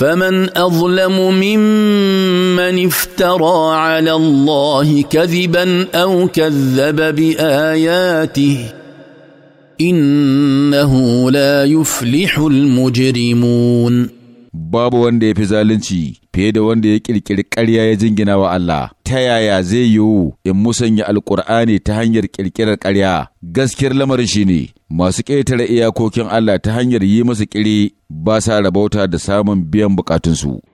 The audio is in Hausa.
فمن اظلم ممن افترى على الله كذبا او كذب باياته انه لا يفلح المجرمون babu wanda ya fi zalunci fiye da wanda ya ƙirƙiri ƙarya ya jingina wa Allah ta yaya zai yiwu in musanya alkur'ani ta hanyar ƙirƙirar ƙarya gaskiyar lamarin shi ne masu ƙetare iyakokin Allah ta hanyar yi masa ƙiri ba sa rabauta da samun biyan bukatunsu.